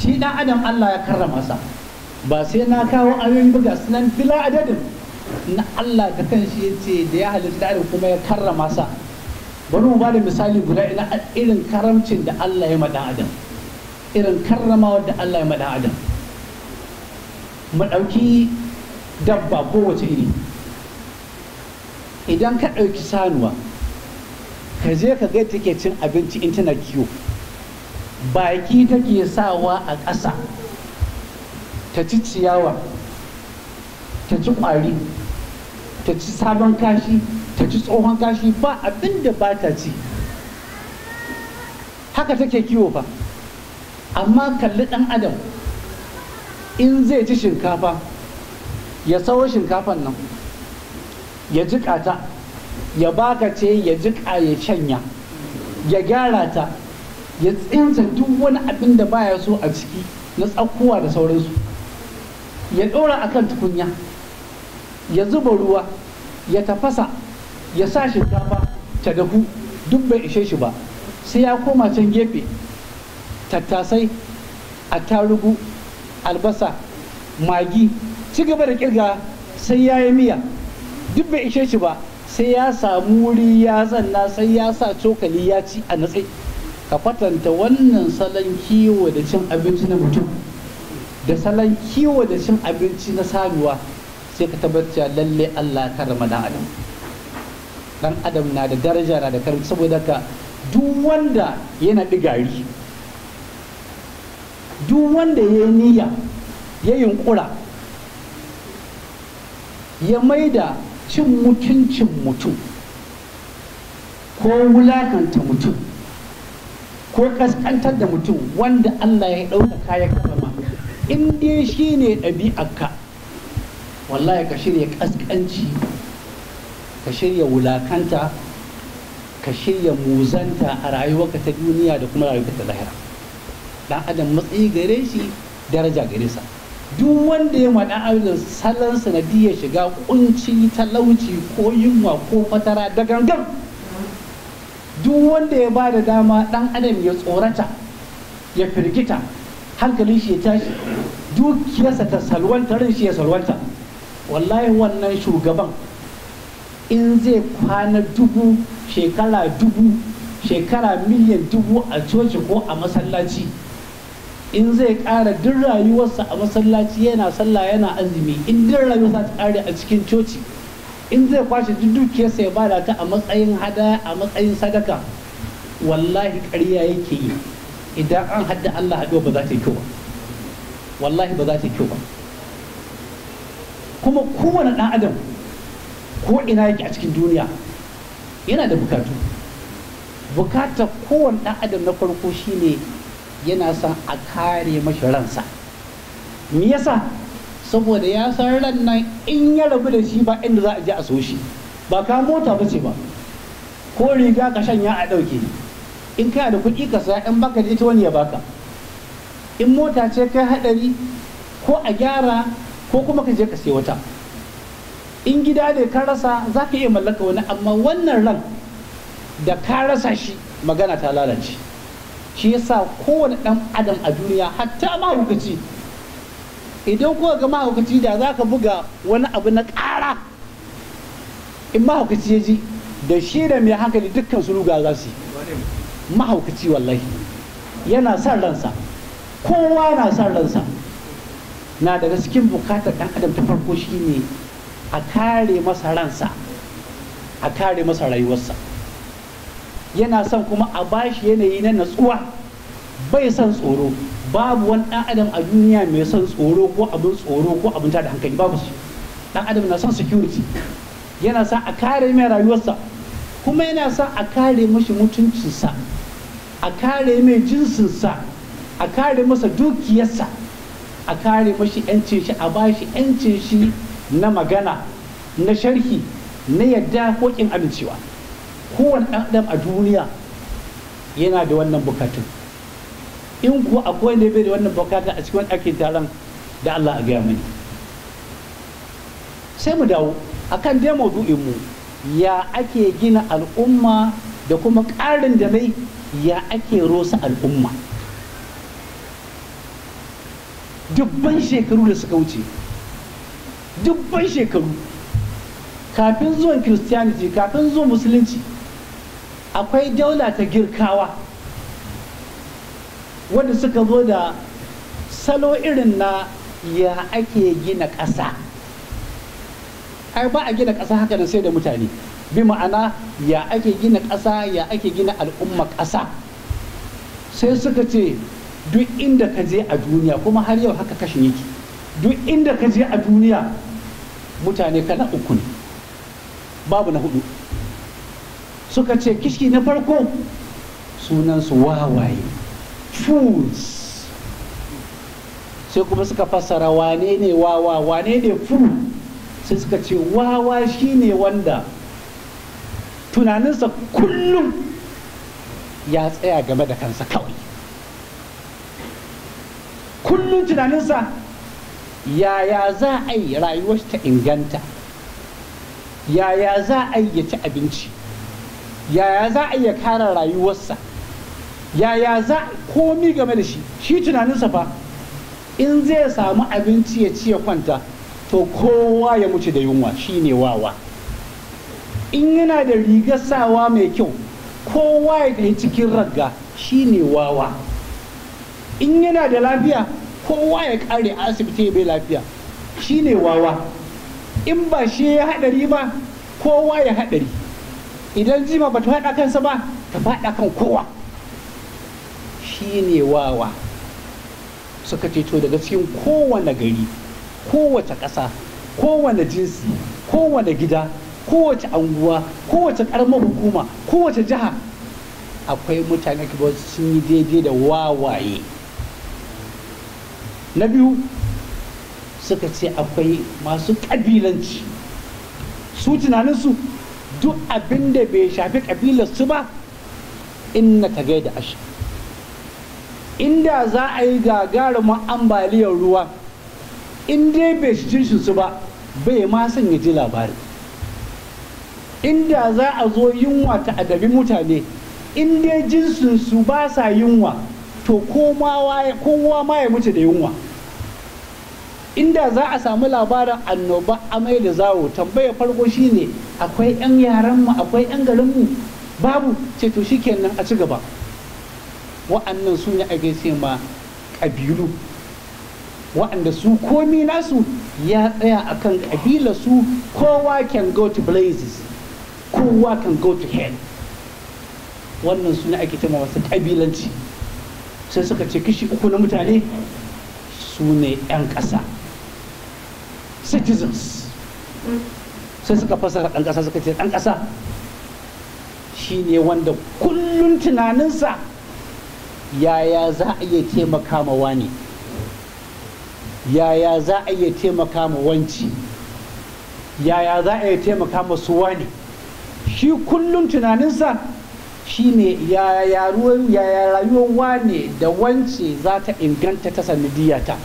shi dan adam Allah ya karrama sa ba sai na kawo abin buga sunan fila adadin na Allah da kanshi ya ce da ya halitta adam kuma ya karrama sa bari mu ba da misali guda irin karamcin da Allah ya ma ɗan adam irin karramawar da Allah ya ma ɗan adam mu ɗauki dabba kowace iri idan ka ɗauki sanuwa ka je ka ga take cin abinci in tana kiwo baki take sawa a ƙasa ta ci ciyawa ta ci ƙwari ta ci sabon kashi ta ci tsohon kashi ba abin da ba ta ci haka take kiwo fa amma kalli ɗan adam in zai ci shinkafa ya sauro shinkafan nan ya jiƙa ta ya baka ce ya jiƙa ya shanya ya gyara ta ya tsinta duk wani abin da baya so a ciki na tsakuwa da sauransu ya ɗora a kan tukunya ya zuba ruwa ya tafasa ya sa shinkafa ta dahu duk bai ishe shi ba sai ya koma can gefe tattasai a attarugu albasa magi ci gaba da kirga sai ya yi miya duk bai ishe shi ba sai ya samu wuri ya zanna sai ya sa cokali ya ci a natsai. ka kwatanta wannan salon kiwo da cin abinci na mutum da salon kiwo da cin abinci na sanuwa sai ka tabbatar lalle Allah ya karama dan adam dan adam na da daraja na da karfi saboda ka duk wanda yana digari duk wanda ya yi niyya ya yunkura ya maida cin mutuncin mutum ko wulakanta mutum ko kaskantar da mutum wanda Allah ya ɗauka kayan karama in dai shi ne ɗabi'arka wallahi ka shirya kaskanci ka shirya wulakanta ka shirya muzanta a rayuwarka ta duniya da kuma rayuwarka ta lahira dan adam matsayi gare shi daraja gare sa duk wanda ya maɗa abin salon sanadiyar shiga kunci talauci ko yunwa ko fatara da gangan duk wanda ya ba da dama dan adam ya tsorata ya firgita hankali shi ya tashi dukiyarsa ta salwanta rin shi ya salwanta wallahi wannan shugaban in zai kwana dubu shekara dubu shekara miliyan dubu a coci ko a masallaci in zai kara duk rayuwarsa a masallaci yana sallah yana azumi in duk rayuwarsa ta kare a cikin coci in zai kwashe duk sai ya bada ta a matsayin hadaya a matsayin sadaka wallahi ƙarya yake yi idan an hadda Allah haɗuwa ba za ta yi kyau ba wallahi ba za ta yi kyau ba kuma kowane ɗan adam ko ina yake a cikin duniya yana da bukatu bukatar kowane ɗan adam na farko shine yana son a kare mashi ransa me yasa saboda ya san ran nan in ya rabu da shi ba inda za a je a so shi ba ka mota ba ce ba ko riga ka shanya a ɗauke in kana da kuɗi ka saya in baka je ta wani ya baka in mota ce kai haɗari ko a gyara ko kuma ka je ka sai wata in gida ne ka rasa za ka iya mallaka wani amma wannan ran da ka rasa shi magana ta lalace shi yasa kowane ɗan adam a duniya hatta ma hukaci idan kuka ga mahaukaci da za ka buga wani abu na ƙara in mahaukaci ya ji da shi da mai hankali dukkan su ruga za su mahaukaci wallahi yana son ransa kowa na san ransa na daga cikin bukatar ɗan adam ta farko shi ne a kare masa ransa a kare masa rayuwarsa yana son kuma a bashi yanayi na natsuwa bai son tsoro babu wani dan adam a duniya mai son tsoro ko abin tsoro ko abin tada hankali babu su dan adam na son security yana sa a kare mai rayuwarsa kuma yana sa a kare mashi mutuncinsa a kare mai jinsinsa a kare masa dukiyarsa a kare mashi yancin shi a bashi yancin shi na magana na sharhi na yadda ko kin amincewa kowane ɗan adam a duniya yana da wannan bukatun in kuwa akwai ne bai da wannan bukata a cikin ake taron da Allah a gaya mani sai mu dawo a kan dai maudu'in mu ya ake gina al'umma da kuma ƙarin da mai ya ake rosa al'umma dubban shekaru da suka wuce dubban shekaru kafin zuwan christianity kafin zuwan musulunci akwai daula ta girkawa wanda suka zo da salo irin na ya ake gina ƙasa ai ba a gina ƙasa haka na sai da mutane bi ma'ana ya ake gina ƙasa ya ake gina al'umma ƙasa sai suka ce duk inda ka je a duniya kuma har yau haka kashin yake duk inda ka je a duniya mutane kana uku ne babu na hudu suka ce kishi na farko sunansu wawaye fools sai kuma suka fassara wane ne wawa wane ne fool sai suka ce wawa shi ne wanda tunaninsa kullum ya tsaya game da kansa kawai kullum tunaninsa yaya za a yi rayuwar ta inganta yaya za a yi ya ci abinci yaya za a ya kara rayuwarsa yaya za komi game da shi shi tunaninsa fa in zai samu abinci ya ci kwanta to kowa ya mutu da yunwa shine wawa in yana da rigar sawa mai kyau kowa ya ɗaya cikin ragga shine wawa in yana da lafiya kowa ya ƙare asibiti bai lafiya shine wawa in ba shi ya haɗari ba kowa ya haɗari idan jima ba ta faɗa kansa ba ta faɗa kan kowa shine wawa suka ce to daga cikin kowane gari kowace ƙasa kowane jinsi kowane gida kowace anguwa kowace ƙaramar hukuma kowace jiha akwai mutane ba sun yi daidai da wawaye na biyu suka ce akwai masu ƙabilanci su tunaninsu duk abin da bai shafi kabilarsu ba inna ta gaida ashe inda za a yi gagarumin ambaliyar ruwa in dai bai shi su ba bai ma son ya ji labari inda za a zo yunwa ta adabi mutane in dai su ba sa yunwa to kowa ma ya mutu da yunwa inda za a samu labarin annoba amai da zawo tambaya farko shine akwai 'yan yaranmu akwai 'yan garinmu babu ce to shikenan a ci gaba wa'annan su ne ake ce ma ƙabilu wa'anda su komi nasu ya tsaya kan ƙabila su kowa can go to blazes kowa can go to hell wannan su ne ake ce ma wasu ƙabilanci sai suka ce kishi uku na mutane su ne 'yan ƙasa citizens sai suka fasara ɗan ƙasa suka ce ɗan ƙasa shi ne wanda kullum tunaninsa yaya za a iya taimaka ma wani yaya za a iya taimaka ma wanci yaya za a iya taimaka ma su wani shi kullum tunaninsa ne yaya rayuwar wani da wance za ta inganta ta sanadiyata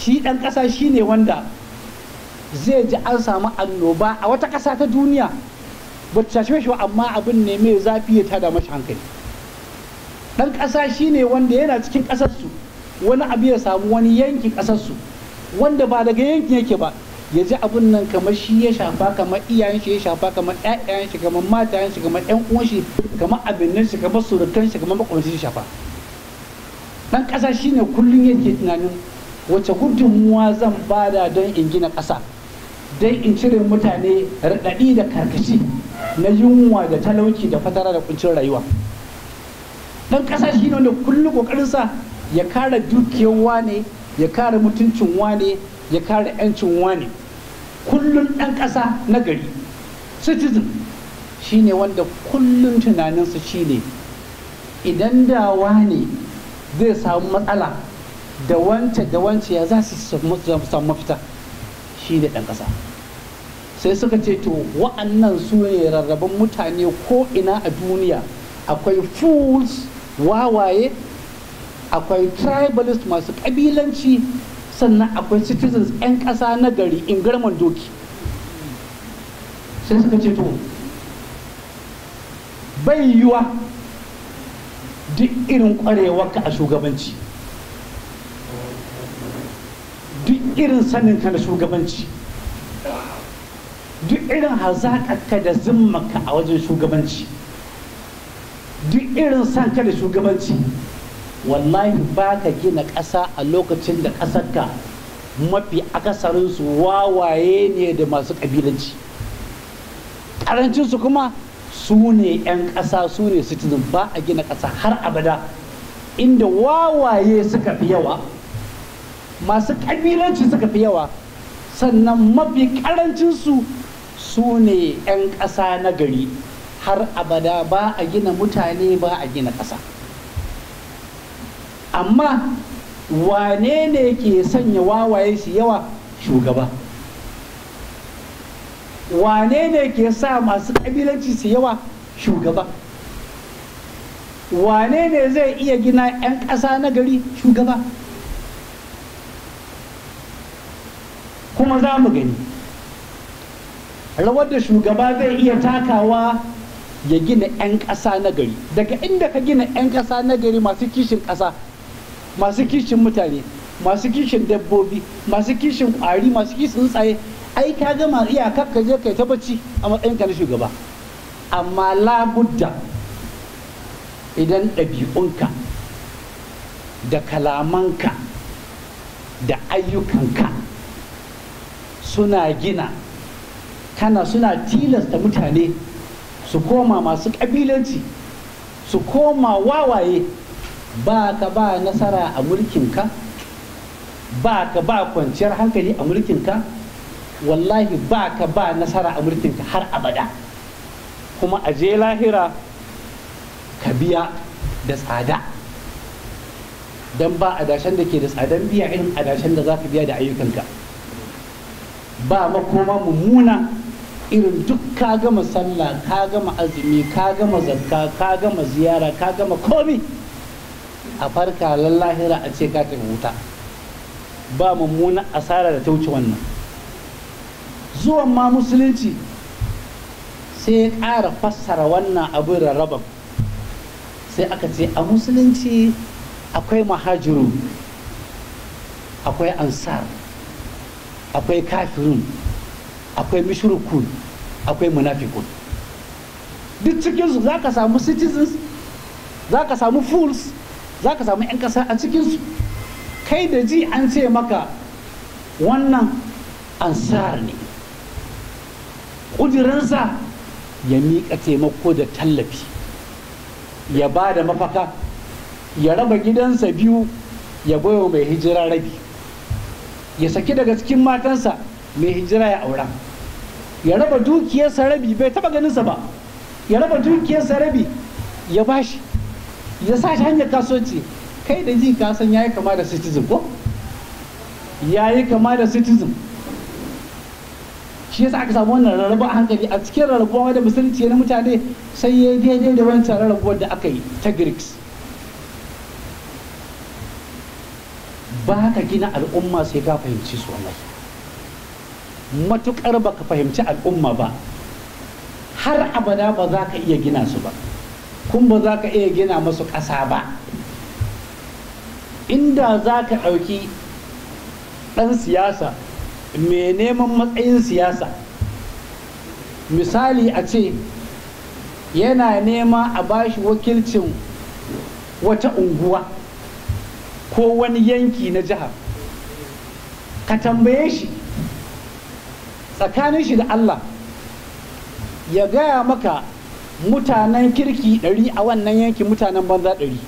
shi ɗan ƙasa ne wanda zai ji an samu annoba a wata ƙasa ta duniya ba ta shi amma abin ne mai zafi ya tada mashi hankali dan ƙasa shine wanda yana cikin ƙasarsu wani abu ya samu wani yankin ƙasarsu wanda ba daga yankin yake ba ya ji abun nan kamar shi ya shafa kamar iyayen shi ya shafa kamar ƴaƴayen shi kamar matayen shi kamar ƴan uwan shi kamar abinnan shi kamar surutan shi kamar makwabcin shi shafa dan ƙasa shine kullum yake tunanin wace gudunmuwa zan bada don in gina ƙasa don in cire mutane raɗaɗi da karkashi na yunwa da talauci da fatara da kuncin rayuwa dan kasa shi ne wanda kullum sa ya kare dukiyar wane ya kare mutuncin wane ya kare 'yancin wane kullum dan kasa na gari citizen shi ne wanda kullum tunaninsa shi ne idan da wane zai samu matsala da wance da wance ya za su samu mafita shi ne dan kasa sai suka ce to wa'annan su ne rarraban mutane ko ina a duniya akwai fools wawaye akwai tribalist masu ƙabilanci sannan akwai citizens 'yan ƙasa na gari in garman doki sai suka ce to bai yiwa duk irin ƙwarewarka a shugabanci duk irin saninka na shugabanci duk irin hazaƙarka da zimmaka a wajen shugabanci duk irin san ka da shugabanci wallahi ba ka gina ƙasa a lokacin da ƙasarka mafi akasarinsu wawaye ne da masu ƙabilanci ƙarancinsu kuma su ne 'yan ƙasa su ne citizen ba a gina ƙasa har abada inda wawaye suka fi yawa masu ƙabilanci suka fi yawa sannan mafi ƙarancinsu su ne 'yan ƙasa na gari har abada ba a gina mutane ba a gina ƙasa amma wane ne ke sanya wawaye su yawa shugaba wane ne ke sa masu ƙabilanci su yawa shugaba wane ne zai iya gina 'yan ƙasa na gari shugaba kuma za mu gani rawar da shugaba zai iya takawa ya gina 'yan ƙasa na gari daga inda ka gina 'yan ƙasa na gari masu kishin ƙasa masu kishin mutane masu kishin dabbobi masu kishin ƙwari masu kishin tsaye ai ka gama iyakar ka je kai ta bacci a ka na shugaba amma labudda idan ɗabi'unka da kalamanka da ayyukanka suna gina kana suna tilasta mutane su koma masu kabilanci su koma wawaye ba ka ba nasara a mulkinka ba ka ba kwanciyar hankali a mulkinka wallahi ba ka ba nasara a mulkinka har abada kuma a je lahira ka biya da tsada don ba adashen da ke da tsadan biya irin adashen da za ka biya da ayyukanka ba makoma mummuna irin duk ka gama sallah ka gama azumi ka gama zakka ka gama ziyara ka gama komi a farka lallahira a ce ka tafi wuta ba mummunan asara da ta wuce wannan zuwan ma musulunci sai ya ƙara fassara wannan abin rarrabar sai aka ce a musulunci akwai mahajiru akwai ansar akwai kafirun akwai mishrukun akwai munafikun duk cikinsu za ka samu citizens za ka samu fools za ka samu 'yan ƙasa a cikinsu kai da ji an ce maka wannan ansar ne ƙudurinsa ya miƙa taimako da tallafi ya ba da mafaka ya raba gidansa biyu ya baiwa mai hijira rabi ya saki daga cikin matansa mai hijira ya aura. ya raba dukiyarsa rabi bai taba ganinsa ba ya raba dukiyarsa rabi ya bashi ya sa shi hanyar kasuwanci kai da jin kasan yayi kama da citizen ko yayi kama da citizen shi yasa aka samu wannan rarrabu a hankali a cikin rarrabuwa da musulunci na mutane sai ya daidai da wancan rarrabuwar da aka yi ta greeks ba ka gina al'umma sai ka fahimci su wallahi matuƙar ba ka fahimci al'umma ba har abada ba za ka iya gina su ba kun ba za ka iya gina masu ƙasa ba inda za ka ɗauki ɗan siyasa mai neman matsayin siyasa misali a ce yana nema a bashi wakilcin wata unguwa ko wani yanki na jihar ka tambaye shi tsakanin shi da Allah ya gaya maka mutanen kirki ɗari a wannan yankin mutanen banza ɗari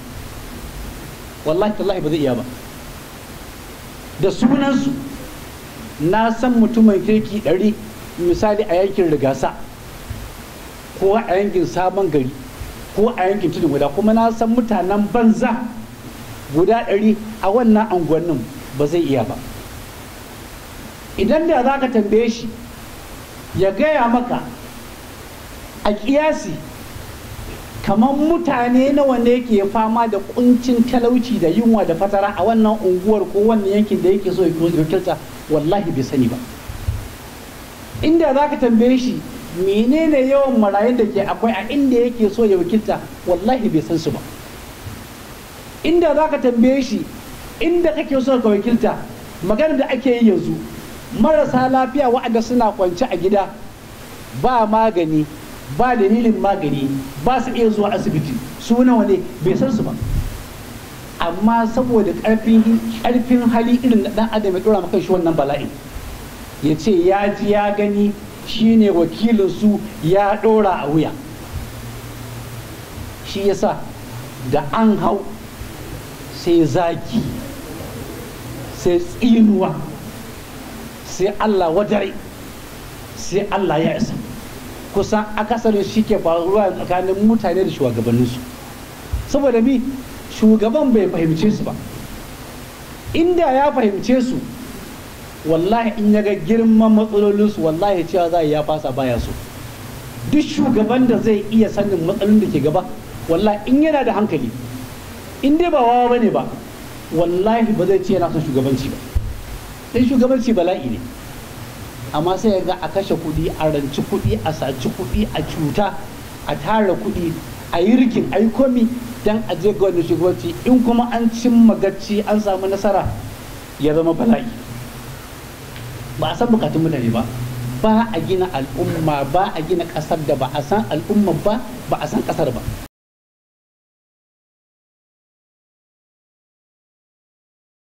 wallahi tallahi ba zai iya ba da sunansu na san mutumin kirki ɗari misali a yankin rigasa ko a yankin sabon gari ko a yankin tudun guda kuma na san mutanen banza guda ɗari a wannan anguwannin ba zai iya ba idan da za ka tambaye shi ya gaya maka a kiyasi kamar mutane nawa ne ke fama da kuncin talauci da yunwa da fatara a wannan unguwar ko wannan yankin da yake so ya wakilta wallahi bai sani ba inda za ka tambaye shi menene yawan marayun da ke akwai a inda yake so ya wakilta wallahi bai san su ba inda za ka tambaye shi inda kake so ka wakilta maganar da ake yi yanzu marasa lafiya waɗanda suna kwance a gida ba magani ba dalilin magani ba su iya zuwa asibiti su nawa ne bai san su ba amma saboda ƙarfin hali irin na ɗan adam ya ɗora maka shi wannan bala'in ya ce ya ji ya gani shine wakilin su ya ɗora a wuya shi yasa da an hau sai zaki sai tsinuwa sai Allah wajare sai Allah ya isa kusan akasarin shi ke faruwa tsakanin mutane da shugabanninsu saboda mi shugaban bai fahimce su ba inda ya fahimce su wallahi in ya ga girman matsalolinsu wallahi cewa za ya fasa baya su duk shugaban da zai iya sanin matsalolin da ke gaba wallahi in yana da hankali in dai ba wawa bane ba wallahi ba zai ce yana son shugabanci ba Ɗan shugabanci bala'i ne amma sai ga a kashe kuɗi a ranci kuɗi a saci kuɗi a cuta a tara kuɗi a yi rikin a yi komi dan a je ga wani shugabanci in kuma an cimma gacci an samu nasara ya zama bala'i ba a san bukatun mutane ba ba a gina al'umma ba a gina ƙasar da ba a san al'umma ba ba a san ƙasar ba